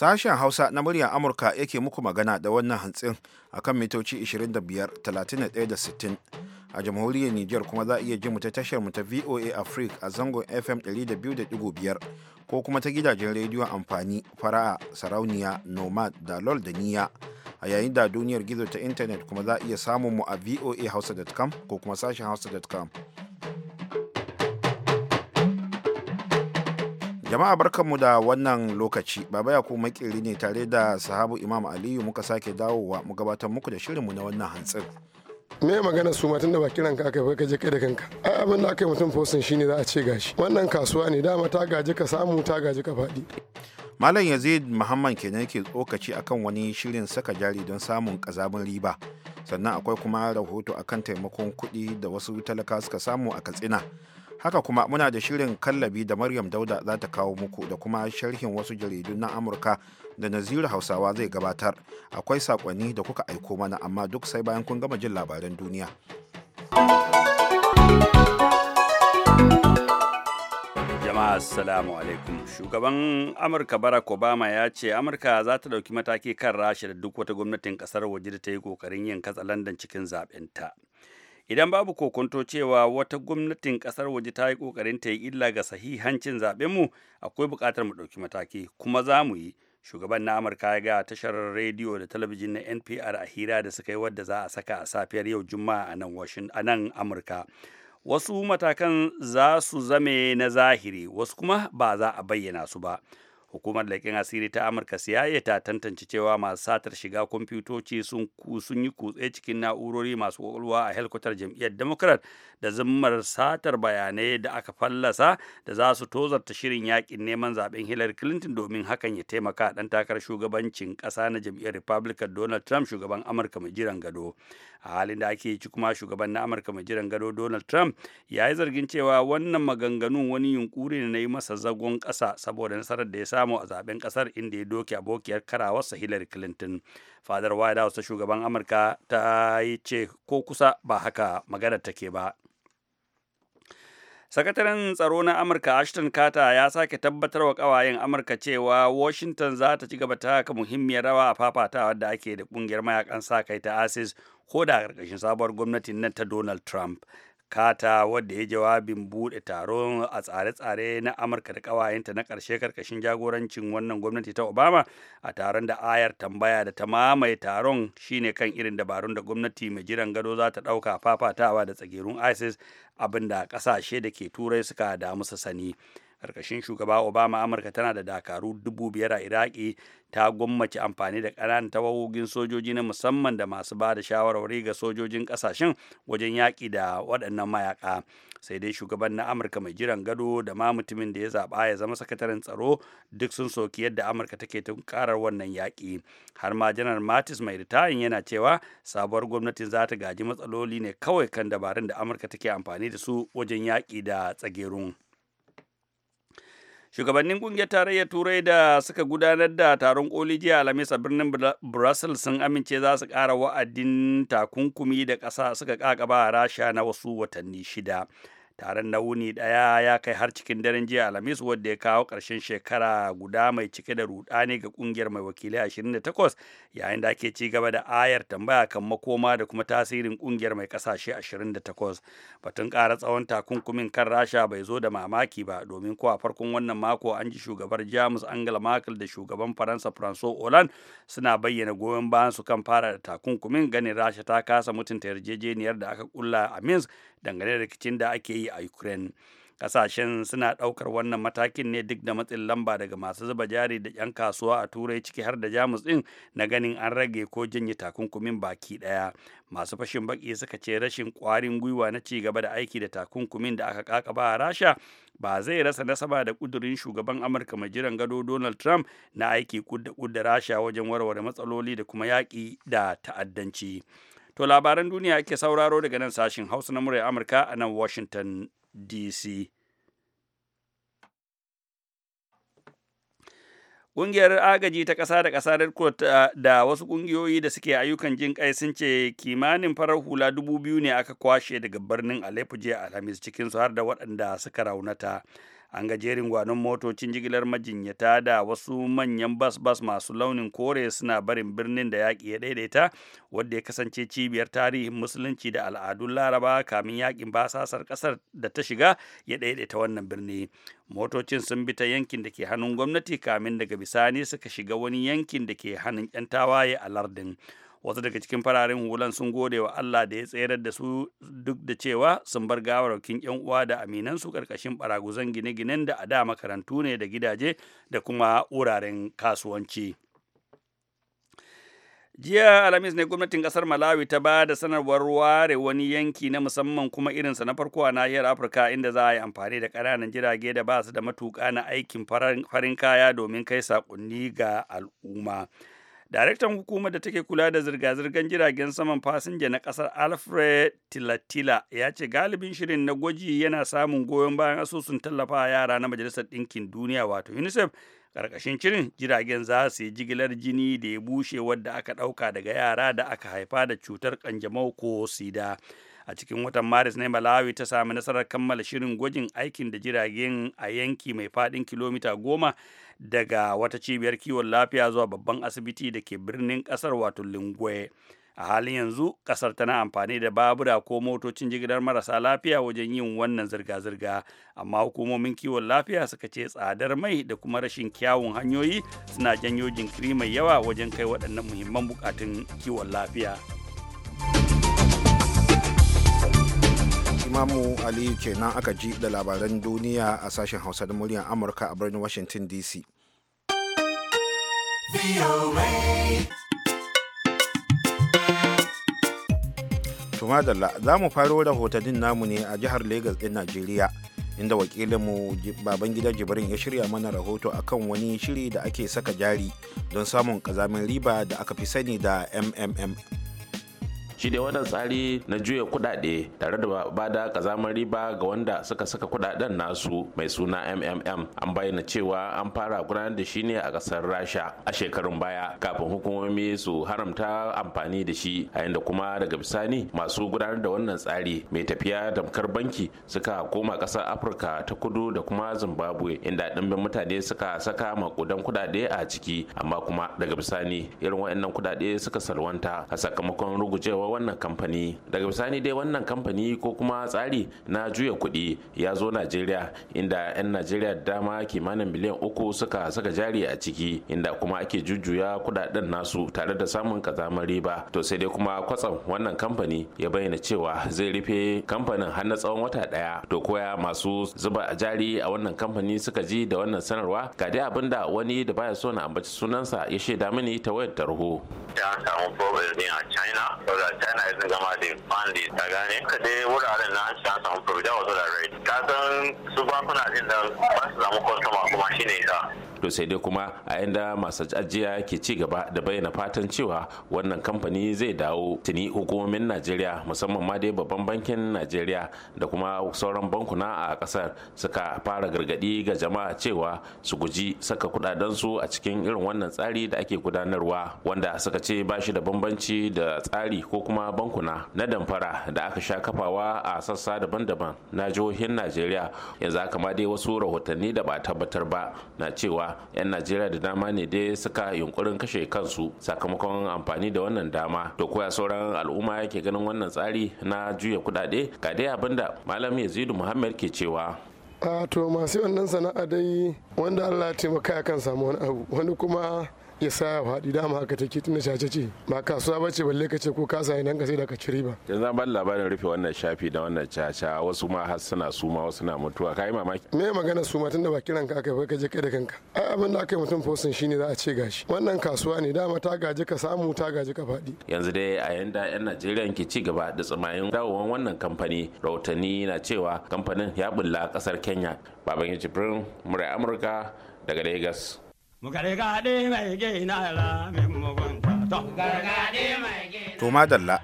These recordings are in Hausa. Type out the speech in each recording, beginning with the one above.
Sashen Hausa na muryar Amurka yake muku magana da wannan hantsin a kan mitoci 25, 31 60. A jamhuriyar Nijar kuma za a iya ji mu ta tashar mu ta VOA Africa a zangon FM 200.5 ko kuma ta gidajen rediyon amfani fara'a sarauniya nomad da lol da niya a yayin da duniyar gizo ta intanet kuma za a iya samun mu a voa hausa.com ko kuma sashen hausa.com. jama'a barkanmu da wannan lokaci baba ya kuma ne tare da sahabu imam aliyu muka sake dawowa mu gabatar muku da shirinmu na wannan hantsin me magana su matan da ba kiran ka aka ka je kai da kanka ai abin da aka mutum fosin shine za a ce gashi wannan kasuwa ne dama ta gaji ka samu ta gaji ka fadi. malam yazid muhammad kenan ke tsokaci akan wani shirin saka jari don samun kazabin riba sannan akwai kuma rahoto akan taimakon kuɗi da wasu talaka suka samu a katsina haka kuma muna da shirin kallabi da maryam dauda za ta kawo muku da kuma sharhin wasu jaridu na amurka da naziru hausawa zai gabatar akwai sakonni da kuka aiko mana amma duk sai bayan kun gama jin labaran duniya jama'a assalamu alaikum shugaban amurka barack obama ya ce amurka za ta ɗauki mataki kan rasha da duk wata gwamnatin kasar waje da ta yi kokarin yin katsa landan cikin zaɓenta. ta idan babu kokonto cewa wata gwamnatin kasar waje ta yi kokarin ta yi illa ga sahihancin zaben mu akwai buƙatar mu ɗauki mataki kuma za mu yi shugaban na amurka ya ga tashar rediyo da talabijin na npr a hira da suka yi wadda za a saka a safiyar yau juma'a a nan amurka wasu matakan za su zame na zahiri wasu kuma ba za a bayyana su ba hukumar laƙin asiri ta amurka cia ta tantance cewa masu satar shiga kwamfutoci sun yi kutse cikin na'urori masu kwakwalwa a helkwatar jam'iyyar democrat da zimmar satar bayanai da aka fallasa da za su tozarta shirin yakin neman zaben hillary clinton domin hakan ya taimaka dan takarar shugabancin ƙasa na jam'iyyar republican donald trump shugaban amurka mai jiran gado a halin da ake ci kuma shugaban na amurka mai jiran gado donald trump ya yi zargin cewa wannan maganganun wani yunkuri ne na yi masa zagon ƙasa saboda nasarar da ya samu a zaben ƙasar inda ya doke abokiyar karawarsa hillary clinton fadar white house ta shugaban amurka ta yi ce ko kusa ba haka magana take ba Sakataren tsaro na Amurka Ashton Carter ya sake tabbatar wa kawayen Amurka cewa Washington za ta ci gaba ta haka muhimmiyar rawa a fafatawar da ake da kungiyar mayakan sa kai ta ASIS ko da ƙarƙashin sabuwar gwamnati na ta Donald Trump. kata wadda ya jawabin buɗe taron a tsare-tsare na amurka da kawayenta na karshe karkashin jagorancin wannan gwamnati ta obama a taron da ayar tambaya da ta mamaye taron shine kan irin dabarun da gwamnati mai jiran gado za ta ɗauka fafatawa da tsagerun isis abinda ƙasashe da ke turai suka damu su sani karkashin shugaba obama amurka tana da dakaru dubu biyar a iraki ta gwammace amfani da ƙananan tawagogin sojoji na musamman da masu ba da shawarwari ga sojojin ƙasashen wajen yaƙi da waɗannan mayaƙa sai dai shugaban na amurka mai jiran gado da ma mutumin da ya zaɓa ya zama sakataren tsaro duk sun soki yadda amurka take tunkarar wannan yaƙi har ma janar matis mai ritayin yana cewa sabuwar gwamnatin za ta gaji matsaloli ne kawai kan dabarun da amurka take amfani da su wajen yaƙi da tsagerun. shugabannin kungiyar tarayyar turai da suka gudanar da taron koli jiya alhamis a birnin brussels sun amince za su kara wa'adin takunkumi da ƙasa suka kakaba a rasha na wasu watanni shida taron na wuni daya ya kai har cikin daren jiya alhamis wadda ya kawo karshen shekara guda mai cike da rudani ga kungiyar mai wakilai 28 yayin da ake ci gaba da ayar tambaya kan makoma da kuma tasirin kungiyar mai ƙasashe 28 batun kara tsawon takunkumin kan rasha bai zo da mamaki ba domin ko a farkon wannan mako an ji shugabar jamus angela merkel da shugaban faransa francois hollande suna bayyana goyon bayan su kan fara da takunkumin ganin rasha ta kasa mutunta yarjejeniyar da aka kulla a minsk dangane da rikicin da ake yi a ukraine kasashen suna ɗaukar wannan matakin ne duk da matsin lamba daga masu zuba jari da 'yan kasuwa a turai ciki har da jamus ɗin na ganin an rage ko janye takunkumin baki ɗaya masu fashin baki suka ce rashin ƙwarin gwiwa na ci gaba da aiki da takunkumin da aka kakaba a rasha ba zai rasa nasaba da ƙudurin shugaban amurka mai jiran gado donald trump na aiki kudda rasha wajen warware matsaloli da kuma yaƙi da ta'addanci To labaran duniya ake sauraro daga nan sashin Hausa na muryar Amurka a nan Washington DC. Ƙungiyar agaji ta ƙasa da ƙasa eh, da wasu ƙungiyoyi da suke ayyukan jin ƙai sun ce kimanin farar hula dubu biyu ne aka kwashe daga birnin Aleppo jiya Alhamis cikinsu har da waɗanda suka raunata. an ga jerin gwanon motocin jigilar majinyata da wasu manyan bas-bas masu launin kore suna barin birnin da yaƙi ya daidaita wadda ya kasance cibiyar tarihin musulunci da al'adun laraba kamin yaƙin basasar ƙasar da ta shiga ya daidaita wannan birni motocin sun bi ta yankin da ke hannun gwamnati kamin daga bisani suka shiga wani yankin da ke hannun 'yan tawaye a lardin wasu daga cikin fararen hulan sun gode wa Allah da ya tsayar da su duk da cewa sun bar gawarwakin yan uwa da aminan su karkashin baraguzan gine-ginen da a da makarantu ne da gidaje da kuma wuraren kasuwanci. jiya alhamis ne gwamnatin kasar malawi ta ba da sanarwar ware wani yanki na musamman kuma irinsa na farko a nahiyar afirka inda za a yi amfani da ƙananan jirage da ba su da matuƙa na aikin farin kaya domin kai saƙonni ga al'umma Daraktan hukumar da take kula da zirga-zirgar jiragen saman fasinja na kasar Alfred Tilatila ya ce galibin shirin na gwaji yana samun goyon bayan asusun tallafa yara na Majalisar Ɗinkin Duniya wato UNICEF. Karkashin shirin jiragen za su yi jigilar jini da ya bushe wadda aka ɗauka daga yara da aka haifa da cutar ƙanjamau ko sida. a cikin watan maris ne malawi ta sami nasarar kammala shirin gwajin aikin da jiragen a yanki mai faɗin kilomita goma daga wata cibiyar kiwon lafiya zuwa babban asibiti da ke birnin ƙasar wato lingwe a halin yanzu kasar tana amfani da babura ko motocin jigilar marasa lafiya wajen yin wannan zirga-zirga amma hukumomin kiwon lafiya suka ce tsadar mai da kuma rashin kyawun hanyoyi suna janyo jinkiri mai yawa wajen kai waɗannan muhimman bukatun kiwon lafiya. Imamu Aliyu kenan aka ji da labaran duniya a sashen Hausa da muryar Amurka a birnin Washington DC. Tumadala za mu faro rahotannin namu ne a jihar Legas ɗin Najeriya. inda wakilinmu baban gidan jibrin ya shirya mana rahoto akan wani shiri da ake saka jari don samun kazamin riba da aka fi sani da mmm shi da wannan tsari na juya kudade, tare da bada kazamar riba ga wanda suka saka kudaden nasu mai suna mmm an bayyana cewa an fara gudanar da shi ne a ƙasar rasha a shekarun baya kafin hukumomi su haramta amfani da shi a da kuma daga bisani masu gudanar da wannan tsari mai tafiya tamkar banki suka koma kasar afirka ta kudu da kuma zimbabwe inda dimbin mutane suka saka makudan kudade a ciki amma kuma daga bisani irin waɗannan kudade suka salwanta a sakamakon rugujewa wannan kamfani daga bisani dai wannan kamfani ko kuma tsari na juya kuɗi ya zo najeriya inda 'yan najeriya dama kimanin miliyan uku suka saka jari a ciki inda kuma ake jujjuya kuɗaɗen nasu tare da samun kazamar riba to sai dai kuma kwatsam wannan kamfani ya bayyana cewa zai rufe kamfanin har na tsawon wata ɗaya to koya masu zuba jari a wannan kamfani suka ji da wannan sanarwa ga dai abin da wani da baya so na ambaci sunansa ya shaida mini ta wayar tarho. samu problem a China, so that china yanzu zama da bandi ta gane ka je wuraren na an samu furda wasu da rai ka san su bakuna din da ba su samu kwastoma kuma shine ka to sai dai kuma a yanda masu ajiya ke ci gaba da bayyana fatan cewa wannan kamfani zai dawo tuni hukumomin najeriya musamman ma dai babban bankin najeriya da kuma sauran bankuna a kasar suka fara gargadi ga jama'a cewa su guji saka kudadensu a cikin irin wannan tsari da ake gudanarwa wanda suka ce ba shi da bambanci da tsari ko kuma bankuna na damfara da aka sha kafawa a sassa daban-daban na jihohin najeriya yanzu kamar ma dai wasu rahotanni da ba tabbatar ba na cewa 'yan najeriya da dama ne dai suka yunkurin kashe kansu sakamakon amfani da wannan dama to koya sauran al'umma yake ganin wannan tsari na juya kudade ga dai abinda malam yazidu muhammad ke cewa a to masu wannan sana'a dai wanda allah ya taimaka kan samu wani abu wani kuma ya sa ya faɗi dama haka take tun da shace ce ba kasuwa ba ce balle ka ce ko ka sa idan ka sai da ka ciri ba yanzu an bani labarin rufe wannan shafi da wannan caca wasu ma har suna suma wasu na mutuwa kai mamaki me magana suma tun da ba kiran ka aka ka je kai da kanka ai abin da aka yi mutum fosin shine za a ce gashi wannan kasuwa ne dama ta gaji ka samu ta gaji ka faɗi yanzu dai a yanda yan Najeriya ke ci gaba da tsamayin dawowan wannan kamfani rahotanni na cewa kamfanin ya bulla kasar Kenya baban jibrin murai Amurka daga Lagos To madalla.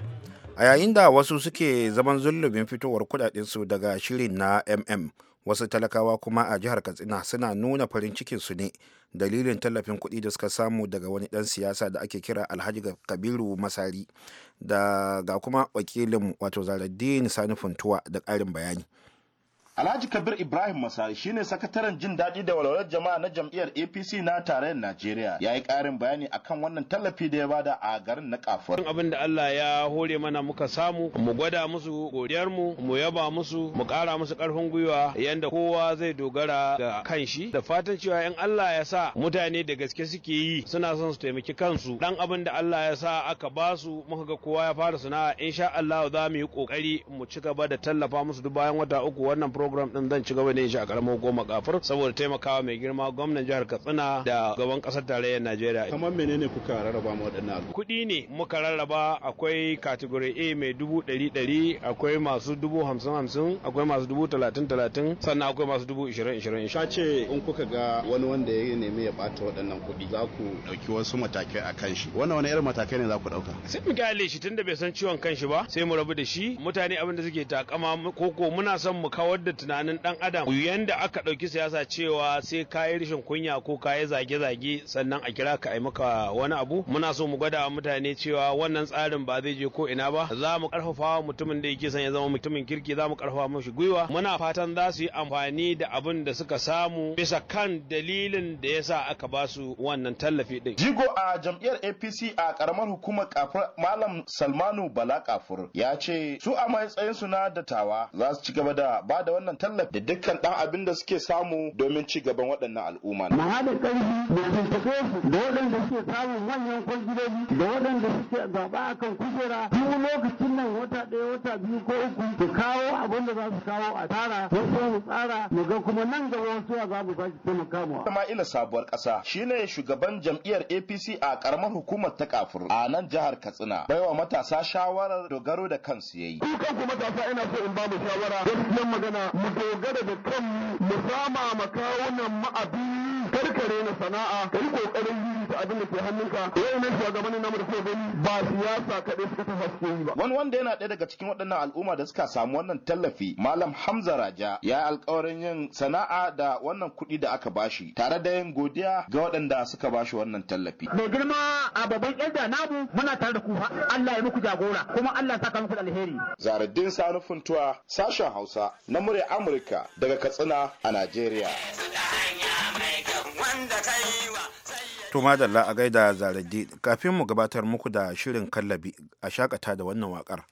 a yayin da wasu suke zaman zullumin fitowar kudadinsu daga shirin na mm wasu talakawa kuma a jihar katsina suna nuna farin cikinsu ne dalilin tallafin kuɗi da suka samu daga wani ɗan siyasa da ake kira alhaji kabiru masari da ga kuma wakilin wato zaradin sani funtuwa da ƙarin bayani Alhaji Kabir Ibrahim Masari shine sakataren jin daɗi da walwalar jama'a na jam'iyyar APC na tarayyar Najeriya. Ya yi ƙarin bayani akan wannan tallafi da ya bada a garin na kafar. Abin da Allah ya hore mana muka samu, mu gwada musu godiyar mu, yaba musu, mu ƙara musu ƙarfin gwiwa yanda kowa zai dogara ga kanshi. Da fatan cewa in Allah ya sa mutane da gaske suke yi suna son su taimaki kansu. Dan abin da Allah ya sa aka ba su muka ga kowa ya fara sana'a insha Allah za mu yi ƙoƙari mu ci gaba da tallafa musu duk bayan wata uku wannan program din zan ci gaba da yin shi a karamar goma kafur saboda taimakawa mai girma gwamnan jihar Katsina da gaban kasar tarayyar Najeriya. Kamar menene kuka rarraba ma waɗannan Kuɗi ne muka rarraba akwai category A mai dubu ɗari ɗari akwai masu dubu hamsin hamsin akwai masu dubu talatin talatin sannan akwai masu dubu ishirin ishirin. Ka ce in kuka ga wani wanda ya nemi ya ɓata waɗannan kuɗi za ku ɗauki wasu matakai a kan shi wannan wani irin matakai ne za ku ɗauka. Sai mu gyale shi tunda bai san ciwon kan shi ba sai mu rabu da shi mutane abin da suke takama ko ko muna son mu kawar da tunanin dan adam da aka ɗauki siyasa cewa sai ka yi rashin kunya ko ka yi zage-zage sannan a kira ka maka wani abu muna so mu gwada wa mutane cewa wannan tsarin ba zai je ko ina ba za mu karfafa mutumin da yake son ya zama mutumin kirki za mu karfafa mashi gwiwa muna fatan za su yi amfani da abin da suka samu bisa kan dalilin da yasa aka ba su wannan tallafi din jigo a jam'iyyar APC a karamar hukumar kafur malam Salmanu Bala kafur ya ce su a matsayin su na dattawa za su ci gaba da ba da wannan wannan tallafi da dukkan dan abin da suke samu domin ci gaban waɗannan al'umma. Mu hada ƙarfi da tuntuɓe da waɗanda suke samun manyan kwangiloli da waɗanda suke a kan kujera duk lokacin nan wata ɗaya wata biyu ko uku su kawo abin da za su kawo a tara wasu mu tsara mu ga kuma nan gaba wasu za mu sake taimaka mu. Ina sabuwar ƙasa shine shugaban jam'iyyar APC a ƙaramar hukumar ta kafur a nan jihar Katsina baiwa matasa shawarar dogaro da kansu yayi. Ku kuma matasa ina so in ba mu shawara gaskiyar magana mu dogara da kanmu mu sama ma kawunan mu abin karkare na sana'a kari kokarin da abin da ke hannunka wayannan shugabannin namu da suka gani ba siyasa kaɗai suka ta haske yi ba wani wanda yana ɗaya daga cikin waɗannan al'umma da suka samu wannan tallafi malam Hamza Raja ya yi alƙawarin yin sana'a da wannan kuɗi da aka bashi tare da yin godiya ga waɗanda suka bashi wannan tallafi mai girma a babban yadda namu muna tare da ku Allah ya muku jagora kuma Allah saka muku alheri Zaruddin Sani Funtuwa sashen Hausa na murya Amurka daga Katsina a Najeriya wanda kai To madalla a gaida zaradi kafin mu gabatar muku da shirin kallabi a shakata da wannan wakar.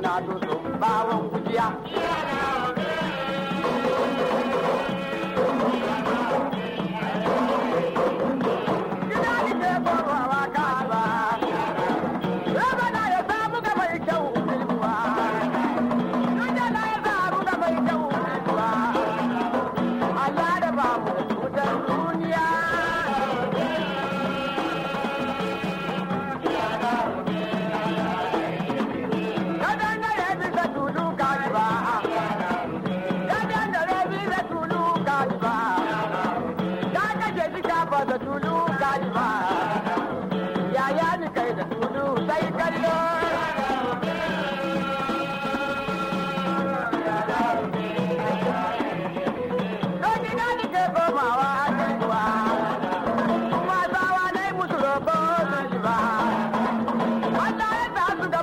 na do zumba wa kujiya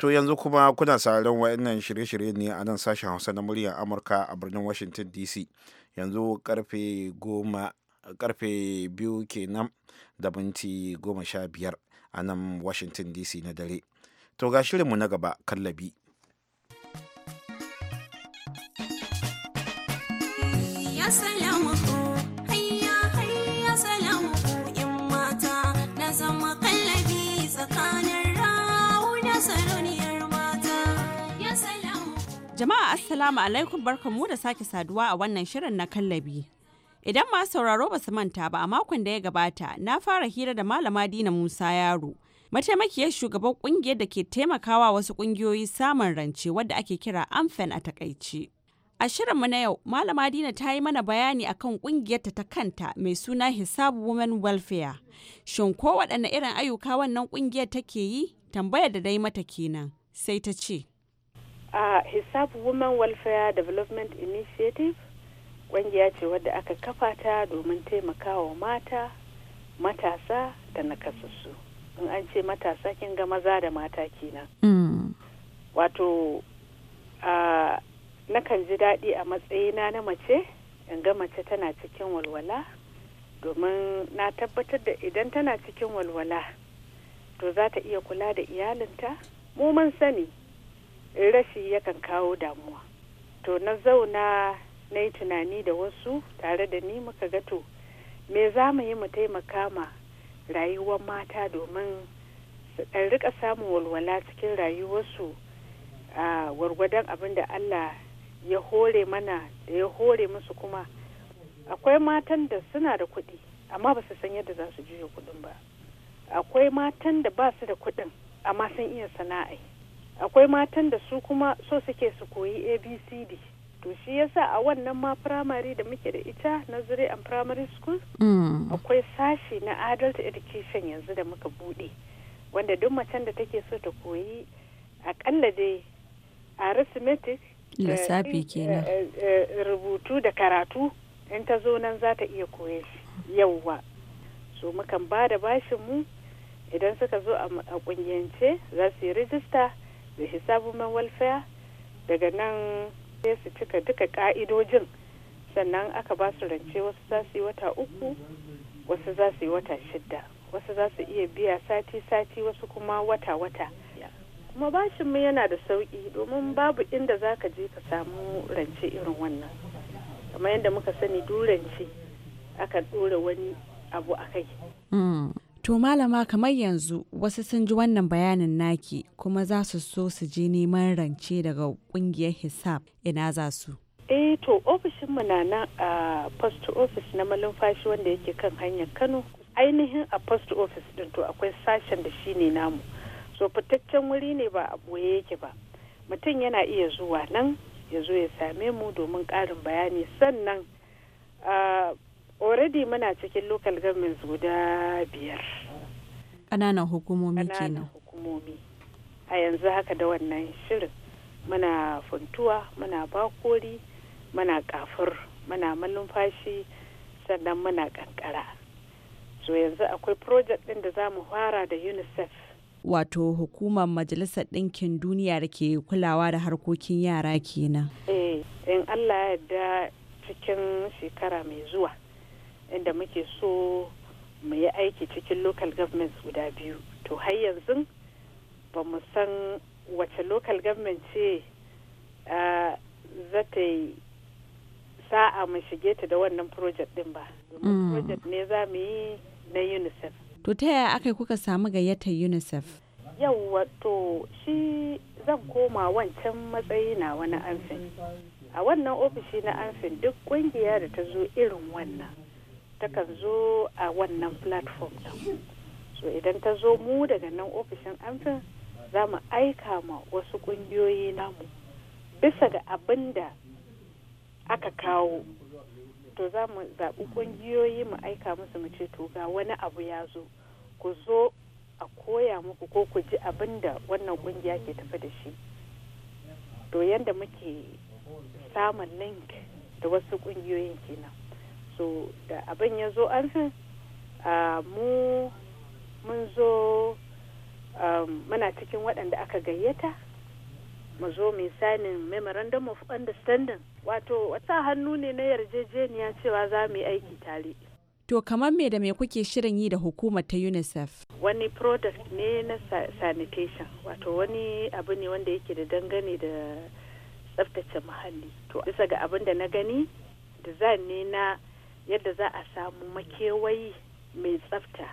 To yanzu kuma kuna sauraron waɗannan shirye-shirye ne a nan sashen Hausa na muryar Amurka a birnin Washington DC. Yanzu karfe goma karfe biyu kenan da minti goma sha biyar a nan Washington DC na dare. To ga shirinmu na gaba kallabi. Ya Jama'a Assalamu alaikum mu da sake saduwa a wannan shirin na kallabi. Idan ma sauraro ba su manta ba a makon da ya gabata na fara hira da malama Dina Musa Yaro. Mataimakiyar shugaban kungiyar da ke taimakawa wasu kungiyoyi samun rance wadda ake kira Amfen a takaice. A shirin mu na yau, Malama Dina ta yi mana bayani akan kungiyarta ta kanta mai suna Hisab Women Welfare. Shin ko waɗanne irin ayyuka wannan kungiyar take yi? Tambayar da dai mata kenan. Sai ta ce. a hisab women welfare development initiative ƙungiya ce wadda aka kafa ta domin taimakawa mata matasa da nakasassu in an ce matasa kin ga maza da mata kenan mm. wato a nakan ji daɗi a matsayina na mace in ga mace tana cikin walwala domin na tabbatar da idan tana cikin walwala to za ta iya kula da iyalinta mu mun sani rashi yakan kawo damuwa to na zauna na yi tunani da wasu tare da ni muka ga to me za mu yi mu taimaka ma rayuwar mata domin su ɗan rika samun walwala cikin rayuwarsu a wargwadon abin da allah ya hore mana da ya hore musu kuma akwai matan da suna da kuɗi amma ba su san yadda za su juya kuɗin ba akwai matan da ba su da kuɗin amma sun iya sana'ai akwai matan da su kuma so suke su koyi abcd to shi yasa a wannan ma firamare da muke da ita nursery and primary school mm. akwai sashi na adult education yanzu da muka bude wanda duk macen da take so ta koyi akalla dai arithmetic eh, lissafi eh, kenan eh, rubutu da karatu in ta zo nan za ta iya koye yauwa so mukan ba da bashin mu idan suka zo a kungiyance za su yi rijista da hisab man welfare daga nan sai su cika duka ka'idojin sannan aka ba su rance wasu za su yi wata uku wasu za su yi wata shidda wasu za su iya biya sati-sati wasu kuma wata-wata kuma bashin mu yana da sauƙi domin babu inda za ka je ka samu rance irin wannan kamar yadda muka sani duk rance aka ɗora wani abu a kai hmm. To malama kamar yanzu wasu sun ji wannan bayanin naki kuma za su so su je neman rance daga kungiyar hisab ina za su. Eh to ofishinmu na nan a post office na malumfashi wanda yake kan hanyar Kano. Ainihin a post office din to akwai sashen da shi ne namu. So fitaccen wuri ne ba a boye yake ba. Mutum yana iya zuwa nan ya zo ya same mu domin ƙarin bayani sannan ah, already muna cikin local governments guda biyar ƙananan hukumomi kenan hukumomi a yanzu haka da wannan shirin muna funtuwa muna bakori muna kafur muna malumfashi sannan muna kankara so yanzu akwai project ɗin da za mu fara da unicef wato hukumar majalisar ɗinkin duniya da ke kulawa da harkokin yara kenan. Eh, in allah ya yarda cikin shekara mai zuwa inda muke so mu yi aiki cikin local governments guda biyu to har yanzu ba mu san wace local government ce za ta yi sa'a mu shige ta da wannan project din ba domin mm. project ne za mu yi na unicef to ta yaya aka kuka samu gayyatar unicef yau to shi zan koma wancan matsayi na wani amfani a wannan ofishi na amfani duk kungiya da ta zo irin wannan takan zo a wannan platform ɗin so idan ta zo mu daga nan ofishin amfin za mu aika ma wasu ƙungiyoyi namu bisa ga abin da aka kawo to za mu zaɓi ƙungiyoyi mu aika musu mu ce to ga wani abu ya zo ku zo a koya muku ko ku ji abin da wannan ƙungiya ke tafi da shi to yadda muke samun link da wasu ƙungiyoyin kenan so da abin ya zo an san mu mun zo um, muna cikin waɗanda aka gayyata mu zo mai sanin memorandum of understanding wato wata hannu ne na yarjejeniya cewa za mu yi aiki tare To kamar me da me kuke shirin yi da hukumar ta UNICEF? Wani product ne na sanitation, wato wani abu ne wanda yake da dangane da tsaftace muhalli. To bisa ga abin da na gani, design ne na yadda za a samu makewayi mai tsafta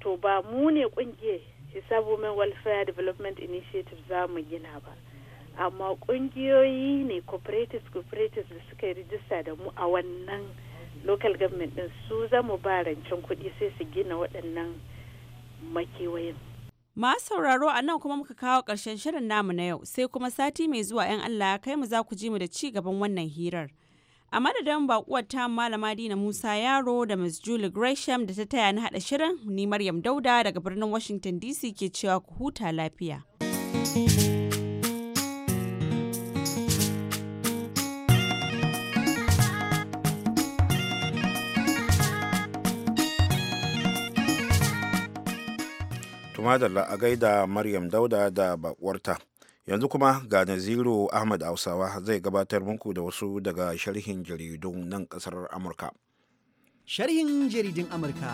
to ba mu ne kungiyar hisab women welfare development initiative za mu gina ba amma kungiyoyi ne cooperatives cooperatives da suka yi rijista da mu a wannan local government din su za ba rancen kuɗi sai su gina waɗannan makewayin Masu sauraro a nan kuma muka kawo ƙarshen shirin namu na yau sai kuma sati mai zuwa 'yan Allah kai mu za ku ji mu da ci gaban wannan hirar. a madadin bakuwar ta malama dina musa yaro da ms julie gresham da ta taya na hada shirin ni maryam dauda daga birnin washington dc ke cewa ku huta lafiya tumadala a gaida maryam dauda da bakuwarta yanzu kuma ga naziru ahmad hausawa zai gabatar muku da wasu daga sharhin jaridun nan kasar amurka sharhin jaridun amurka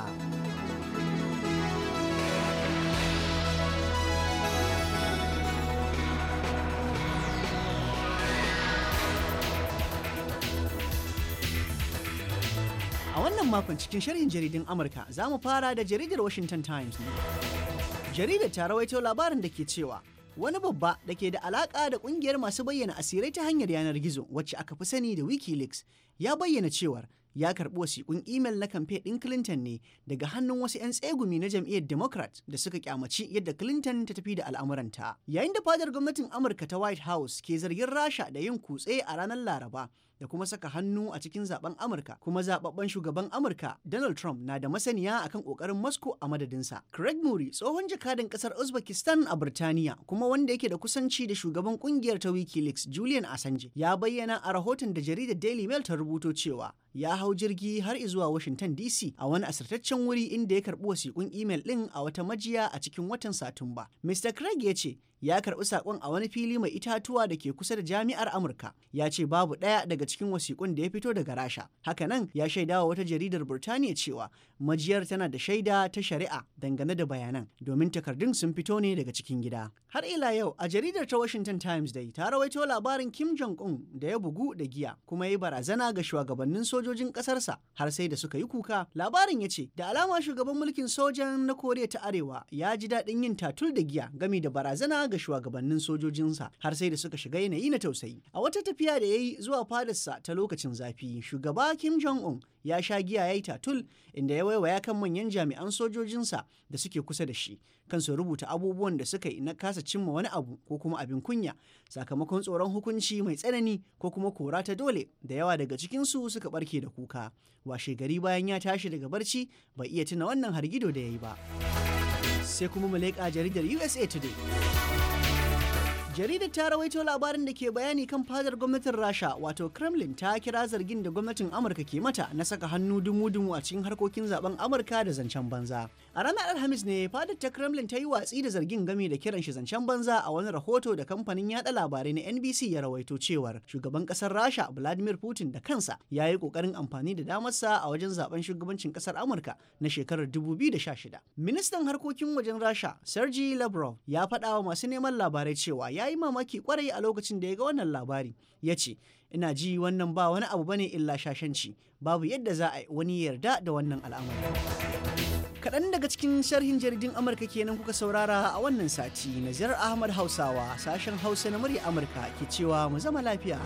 a wannan makon cikin sharhin jaridun amurka za mu fara da jaridar washington times ne jaridar ta rawaito labarin da ke cewa wani babba da ke da alaka da kungiyar masu bayyana asirai ta hanyar yanar gizo wacce aka fi sani da wikileaks ya bayyana cewar ya karbi wasiƙun imel na kamfe ɗin clinton ne daga hannun wasu 'yan tsegumi na jam'iyyar democrat da suka kyamaci yadda clinton ta tafi da al'amuranta yayin da fadar gwamnatin amurka ta white house ke zargin rasha da yin kutse a ranar laraba da kuma saka hannu a cikin zaben Amurka kuma zababben shugaban Amurka Donald Trump na da masaniya akan kokarin Moscow a madadinsa. Craig Murray tsohon jakadan kasar Uzbekistan a Birtaniya kuma wanda yake da kusanci da shugaban kungiyar ta WikiLeaks Julian Assange ya bayyana a rahoton da jaridar Daily Mail ta rubuto cewa ya hau jirgi har zuwa Washington DC a wani asirtaccen wuri inda ya karbi wasiƙun imel ɗin a wata majiya a cikin watan Satumba. Mr. Craig ya ce ya karɓi saƙon a wani fili mai itatuwa da ke kusa da jami'ar Amurka. Ya ce babu ɗaya daga cikin wasikun da ya fito daga Rasha. haka nan ya shaidawa wata jaridar Burtaniya cewa majiyar tana da shaida ta shari'a dangane da bayanan domin takardun sun fito ne daga cikin gida. Har ila yau a jaridar ta Washington Times dai ta rawaito labarin Kim Jong-un da ya bugu da giya kuma ya barazana ga shugabannin sojojin ƙasarsa har sai da suka yi kuka. Labarin ya ce da alama shugaban mulkin sojan na Koriya ta Arewa ya ji daɗin yin tatul da giya gami da barazana ga shugabannin sojojinsa har sai da suka shiga yanayi na tausayi. A wata tafiya da ya yi zuwa fadarsa ta lokacin zafi, shugaba Kim Jong-un ya sha giya ya yi tatul inda ya waiwaya kan manyan jami'an sojojinsa da suke kusa da shi kan su rubuta abubuwan da suka yi na kasa cimma wani abu ko kuma abin kunya sakamakon tsoron hukunci mai tsanani ko kuma kora ta dole da yawa daga cikinsu suka barke da kuka washe gari bayan ya tashi daga barci bai iya tuna wannan hargido da ya yi ba. sai kuma mu leƙa jaridar USA Today. Jaridar ta rawaito labarin da ke bayani kan fadar gwamnatin Rasha wato Kremlin ta kira zargin da gwamnatin Amurka ke mata na saka hannu dumu-dumu a cikin harkokin zaben Amurka da zancen banza. A ranar Alhamis ne fadar ta Kremlin ta yi watsi da zargin gami da kiran shi zancen banza a wani rahoto da kamfanin yada labarai na NBC ya rawaito cewar shugaban kasar Rasha Vladimir Putin da kansa ya yi kokarin amfani da damarsa a wajen zaben shugabancin kasar Amurka na shekarar 2016. Ministan harkokin wajen Rasha Sergey Lavrov ya faɗa wa masu neman labarai cewa ya yi mamaki kwarai a lokacin da ya ga wannan labari. Ya ce, ina ji wannan ba wani abu bane illa shashanci, babu yadda za a yi wani yarda da wannan al'amari. kaɗan daga cikin sharhin jaridin amurka kenan kuka saurara a wannan sati nazirar ahmad hausawa sashen hausa na murya amurka ke cewa mu zama lafiya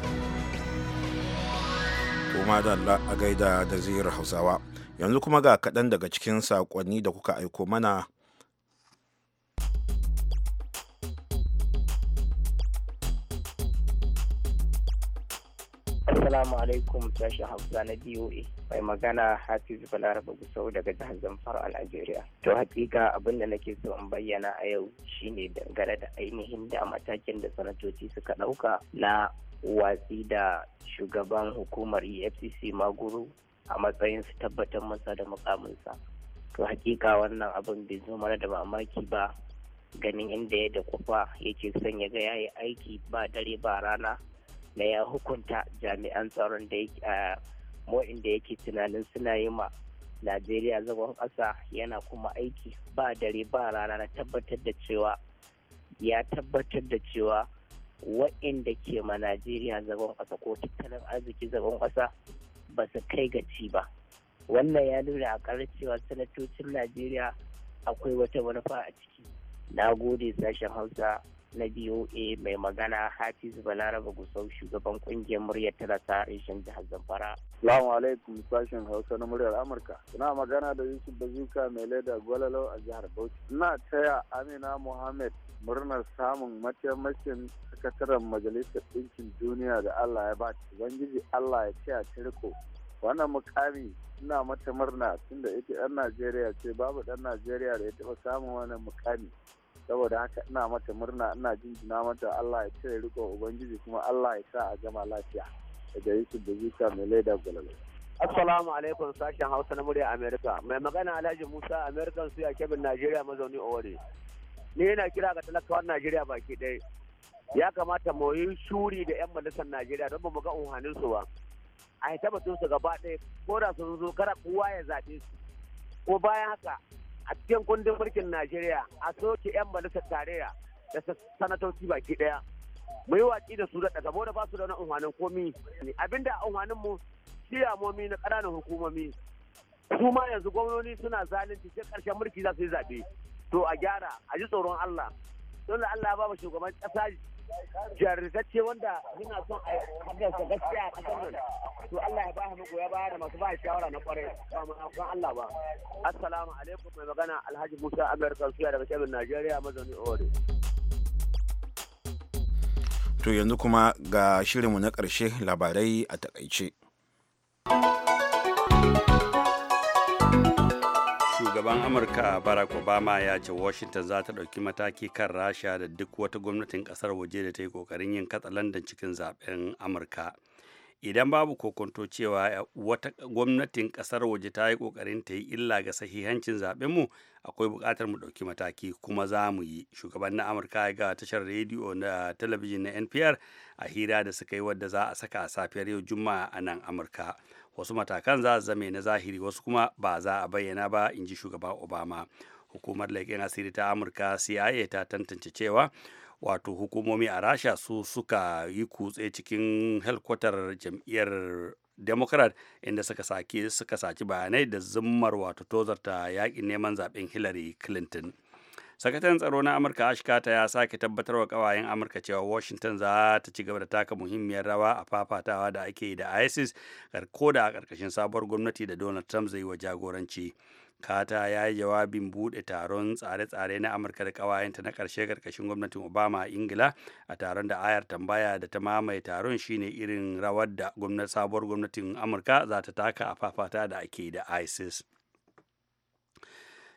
kuma da Allah, a gaida da zirar hausawa yanzu kuma ga kaɗan daga cikin saƙonni da kuka aiko mana Assalamu alaikum sashen Hausa na BOA mai magana Hafizu Balaraba Gusau daga jihar Zamfara a Najeriya. To hakika abin da nake so in bayyana a yau shine dangane da ainihin da matakin da sanatoci suka ɗauka na watsi da shugaban hukumar EFCC Maguru a matsayin su tabbatar masa da mukaminsa. To hakika wannan abin bai zo mana da mamaki ba ganin inda ya da kufa yake son ya ga yayi aiki ba dare ba rana na ya hukunta jami'an tsaron da da yake tunanin suna yi ma najeriya zagon ƙasa yana kuma aiki ba dare ba rana na tabbatar da cewa ya tabbatar da cewa waɗanda ke ma najeriya zagon ƙasa ko tattalin arziki zagon ƙasa ba su kai ga ci ba wannan ya nuna a cewa sanatocin najeriya akwai wata manufa a ciki na gode sashen hausa na BOA mai magana Hafiz Balaraba Gusau shugaban kungiyar muryar talaka reshen jihar Zamfara. Salamu alaikum sashen Hausa na muryar Amurka. Ina magana da Yusuf Bazuka mai leda gwalalau a jihar Bauchi. Ina taya Amina Mohammed murnar samun mataimakin sakataren majalisar ɗinkin duniya da Allah ya ba Ubangiji Allah ya ce a tirko. wannan mukami ina mata murna tunda ita 'yan Najeriya ce babu ɗan Najeriya da ya taɓa samun wannan mukami saboda haka ina mata murna ina jinjina mata Allah ya cire riko ubangiji kuma Allah ya sa a gama lafiya daga Yusuf da Zuka mai laida gwalalo. Assalamu alaikum sashen Hausa na murya Amerika mai magana Alhaji Musa American suya kebin Najeriya mazauni Owari. Ni yana kira ga talakawan Najeriya baki ɗaya. Ya kamata mu yi shuri da 'yan majalisar Najeriya don ba mu ga su ba. A yi batun su gaba ɗaya ko da sun zo kara kowa ya zaɓe su. Ko bayan haka a cikin kundin mulkin Najeriya a soke 'yan majalisar tarayya da sanatoci baki daya. Mu yi watsi da su da saboda ba su da wani umarnin komi. Abinda umarnin mu momi na ƙananan hukumomi. Su ma yanzu gwamnoni suna zalunci sai ƙarshen mulki za su yi zaɓe. To a gyara a ji tsoron Allah. Dole Allah ya mu shugaban ƙasa jarirtacce wanda yana son a hadarsa gaskiya a kasar nan to Allah ya ba mu goya baya da masu ba shawara na kwarai ba mu san Allah ba assalamu alaikum mai magana Alhaji Musa Amir Kansuya daga Kebbi Najeriya mazauni Ore to yanzu kuma ga shirinmu na karshe labarai a takaice. shugaban amurka barack obama ya ce washington za ta ɗauki mataki kan rasha da duk wata gwamnatin ƙasar waje da ta yi ƙoƙarin yin katsa katsalandan cikin zaben amurka idan babu kokonto cewa wata gwamnatin ƙasar waje ta yi ƙoƙarin ta yi illa ga sahihancin zaɓenmu akwai buƙatar mu ɗauki mataki kuma za mu yi shugaban na amurka ga tashar rediyo na talabijin na npr a hira da suka yi wadda za a saka a safiyar yau juma'a a nan amurka wasu matakan za zame na zahiri wasu kuma ba za a bayyana ba in ji shugaba obama hukumar leƙen asiri ta amurka cia ta tantance cewa wato hukumomi a rasha su suka yi kutse cikin helkwatar jam'iyyar democrat inda suka saki saci bayanai da zummar wato tozarta yakin neman zaben hillary clinton sakataren tsaro na amurka ashkata ya sake wa kawayen amurka cewa washington za ta ci gaba da taka muhimmiyar rawa a fafatawa da ake yi da isis ko da a ƙarƙashin sabuwar gwamnati da donald trump zai yi wa jagoranci kata ya yi jawabin buɗe taron tsare-tsare na amurka da kawayenta na ƙarshe ƙarƙashin gwamnatin obama a ingila a taron da ayar tambaya da ta mamaye taron shine irin rawar da sabuwar gwamnatin amurka za ta taka a fafata da ake da isis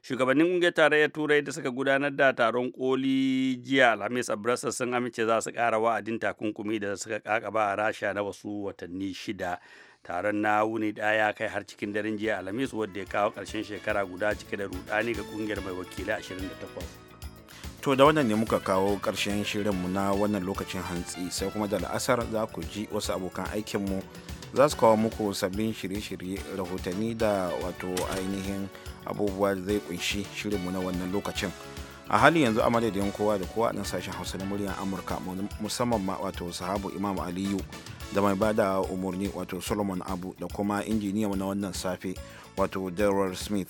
shugabannin ƙungiyar tarayyar turai da suka gudanar da taron koli jiya alhamis a brussels sun amince za su kara wa'adin takunkumi da suka kakaba a rasha na wasu watanni shida taron na wuni ɗaya kai har cikin daren jiya alhamis wadda ya kawo ƙarshen shekara guda cike da rudani ga kungiyar mai wakilai 28 to da wannan ne muka kawo ƙarshen shirinmu na wannan lokacin hantsi sai kuma da la'asar za ku ji wasu abokan aikinmu za su kawo muku sabbin shirye-shirye rahotanni da wato ainihin abubuwa da zai kunshi shirinmu na wannan lokacin a halin yanzu a madadin kowa da kowa nan sashen hausa na muryar amurka musamman ma wato sahabu imam aliyu da mai bada umarni wato solomon abu da kuma injiniya na wannan safe wato daryl smith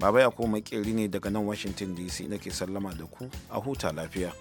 baba ya kuma makeri ne daga nan washington dc nake sallama da ku a huta lafiya